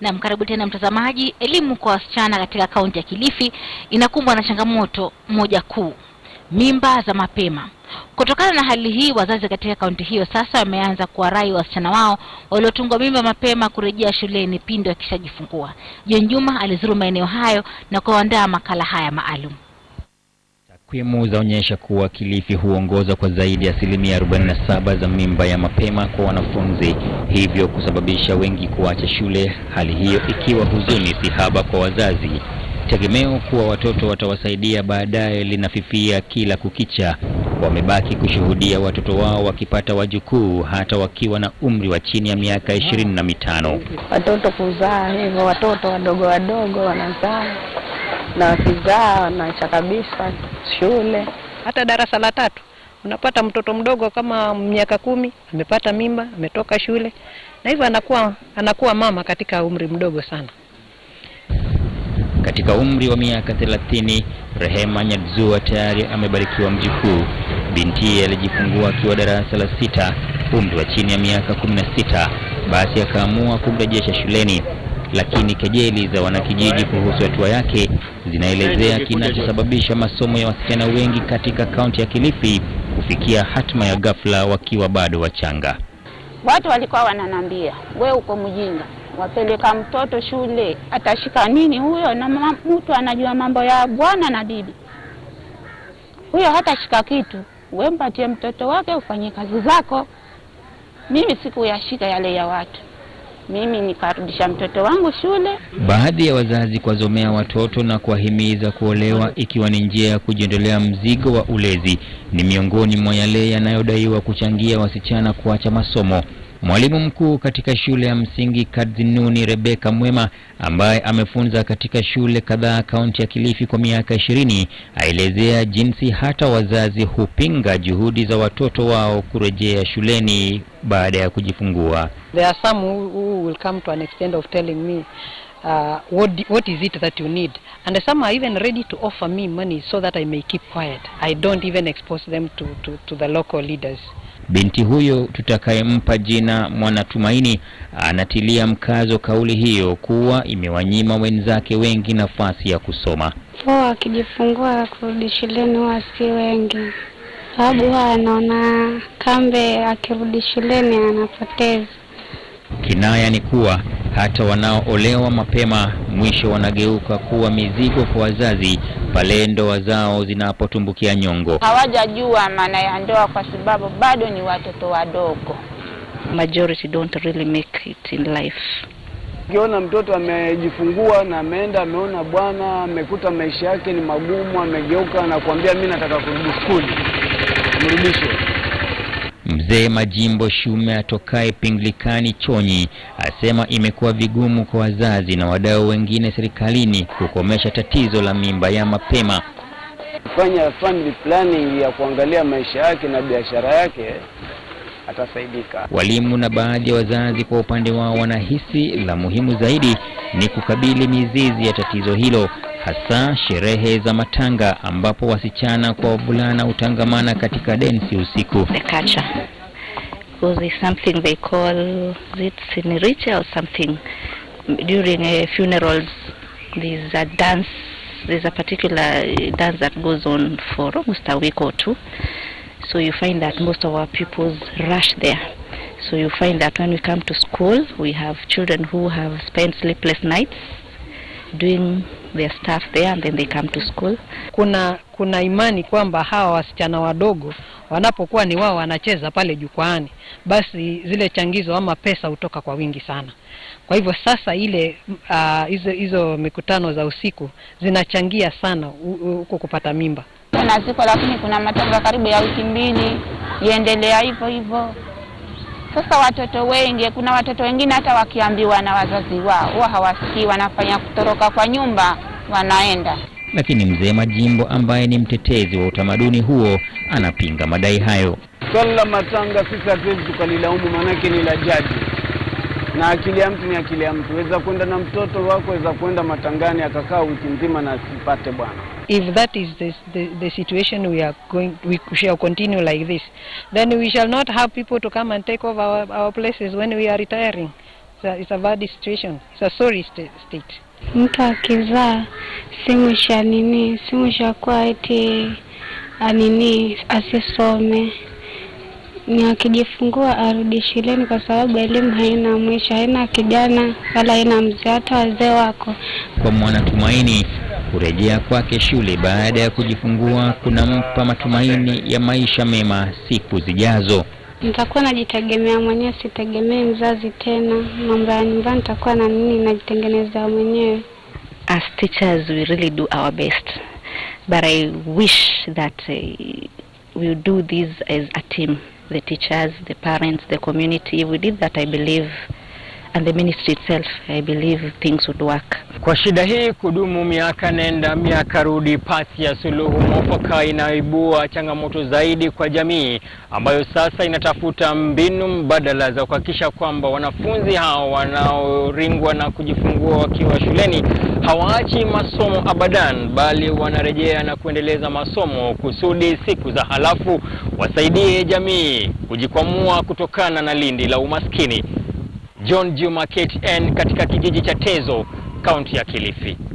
Nam, karibu tena mtazamaji. Elimu kwa wasichana katika kaunti ya Kilifi inakumbwa na changamoto moja kuu, mimba za mapema. Kutokana na hali hii, wazazi katika kaunti hiyo sasa wameanza kuwarai wasichana wao waliotungwa mimba mapema kurejea shuleni pindi wakishajifungua. John Juma alizuru maeneo hayo na kuandaa makala haya maalum. Takwimu zaonyesha kuwa Kilifi huongoza kwa zaidi ya asilimia 47 za mimba ya mapema kwa wanafunzi, hivyo kusababisha wengi kuacha shule, hali hiyo ikiwa huzuni si haba kwa wazazi. Tegemeo kuwa watoto watawasaidia baadaye linafifia kila kukicha. Wamebaki kushuhudia watoto wao wakipata wajukuu hata wakiwa na umri wa chini ya miaka ishirini na mitano. Watoto kuzaa hivyo, watoto wadogo wadogo wanazaa na wakizaa wanaacha kabisa shule. Hata darasa la tatu unapata mtoto mdogo kama miaka kumi amepata mimba, ametoka shule, na hivyo anakuwa, anakuwa mama katika umri mdogo sana. Katika umri wa miaka 30 Rehema Nyadzua tayari amebarikiwa mjukuu. Binti alijifungua akiwa darasa la sita, umri wa chini ya miaka 16, basi akaamua kumrejesha shuleni lakini kejeli za wanakijiji kuhusu hatua yake zinaelezea kinachosababisha masomo ya wasichana wengi katika kaunti ya Kilifi kufikia hatma ya ghafla wakiwa bado wachanga. Watu walikuwa wananambia, we uko mjinga, wapeleka mtoto shule atashika nini huyo? Na mtu anajua mambo ya bwana na bibi, huyo hatashika kitu. We mpatie mtoto wake ufanye kazi zako. Mimi sikuyashika yale ya watu mimi nikarudisha mtoto wangu shule. Baadhi ya wazazi kuwazomea watoto na kuwahimiza kuolewa ikiwa ni njia ya kujiondolea mzigo wa ulezi ni miongoni mwa yale yanayodaiwa kuchangia wasichana kuacha masomo. Mwalimu mkuu katika shule ya msingi Kadzinuni Rebeka Mwema, ambaye amefunza katika shule kadhaa kaunti ya Kilifi kwa miaka ishirini, aelezea jinsi hata wazazi hupinga juhudi za watoto wao kurejea shuleni baada ya kujifungua. There are some who will come to an extent of telling me uh, what, what is it that you need and some are even ready to offer me money so that I may keep quiet. I don't even expose them to, to, to the local leaders. Binti huyo tutakayempa jina Mwanatumaini anatilia mkazo kauli hiyo kuwa imewanyima wenzake wengi nafasi ya kusoma. Huwa akijifungua kurudi shuleni huwa si wengi, sababu huwa anaona kambe akirudi shuleni anapoteza. Kinaya ni kuwa hata wanaoolewa mapema mwisho wanageuka kuwa mizigo kwa wazazi pale ndoa zao zinapotumbukia nyongo. Hawajajua maana ya ndoa kwa sababu bado ni watoto wadogo. Majority don't really make it in life. Ukiona mtoto amejifungua na ameenda ameona bwana, amekuta maisha yake ni magumu, amegeuka na kuambia mimi nataka kurudi skuli, mrudishwe Mzee Majimbo Shume atokaye Pinglikani Chonyi asema imekuwa vigumu kwa wazazi na wadau wengine serikalini kukomesha tatizo la mimba ya mapema. Kufanya family planning ya kuangalia maisha yake na biashara yake atasaidika. Walimu na baadhi ya wazazi kwa upande wao wanahisi la muhimu zaidi ni kukabili mizizi ya tatizo hilo hasa sherehe za matanga ambapo wasichana kwa wavulana hutangamana katika densi usiku. The culture because there's something they call it siniricha or something during uh, funerals there's a dance there's a particular dance that goes on for almost a week or two so you find that most of our pupils rush there so you find that when we come to school we have children who have spent sleepless nights doing their stuff there and then they come to school kuna kuna imani kwamba hawa wasichana wadogo wanapokuwa ni wao wanacheza pale jukwaani, basi zile changizo ama pesa hutoka kwa wingi sana. Kwa hivyo sasa ile ah, hizo uh, hizo mikutano za usiku zinachangia sana huko kupata mimba. Kuna siku lakini kuna matango karibu ya wiki mbili iendelea hivyo hivyo. Sasa watoto wengi, kuna watoto wengine hata wakiambiwa na wazazi wao huwa hawasikii, wanafanya kutoroka kwa nyumba, wanaenda lakini mzee Majimbo ambaye ni mtetezi wa utamaduni huo anapinga madai hayo. Swala la matanga sisi hatuwezi tukalilaumu, maanake ni la jaji, na akili ya mtu ni akili ya mtu. Weza kwenda na mtoto wako, weza kwenda matangani akakaa wiki nzima na asipate bwana. If that is the, the, the situation we are going, we shall continue like this, then we shall not have people to come and take over our, our places when we are retiring it's a, it's a bad situation. It's a sorry state. Mtu akizaa simu sha nini, simu shakuwa eti anini asisome ni akijifungua arudi shuleni, kwa sababu elimu haina mwisho, haina kijana wala haina mzee, hata wazee wako. Kwa Mwanatumaini, kurejea kwake shule baada ya kujifungua kunampa matumaini ya maisha mema siku zijazo nitakuwa najitegemea mwenyewe, sitegemee mzazi tena. Mambo ya nyumbani nitakuwa na nini, najitengeneza mwenyewe. As teachers we really do our best but I wish that uh, we do this as a team the teachers, the parents, the community. If we did that, I believe and the ministry itself I believe things would work. Kwa shida hii kudumu miaka nenda miaka rudi, pasi ya suluhu mwafaka inaibua changamoto zaidi kwa jamii ambayo sasa inatafuta mbinu mbadala za kuhakikisha kwamba wanafunzi hao wanaoringwa na kujifungua wakiwa shuleni hawaachi masomo abadan, bali wanarejea na kuendeleza masomo kusudi siku za halafu wasaidie jamii kujikwamua kutokana na lindi la umaskini. John Juma KTN katika kijiji cha Tezo, kaunti ya Kilifi.